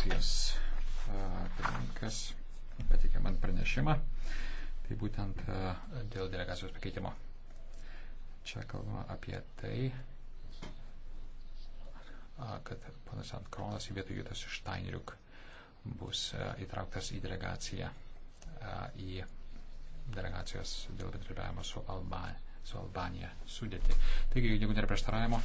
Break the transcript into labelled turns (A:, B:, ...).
A: frakcijos pirmininkas patikė man pranešimą. Tai būtent dėl delegacijos pakeitimo. Čia kalbama apie tai, kad panas Antkronas į vietą Jutas Štainriuk bus įtrauktas į delegaciją, į delegacijos dėl bendradarbiavimo su, Alba, su Albanija sudėti. Taigi, jeigu nėra prieštaravimo.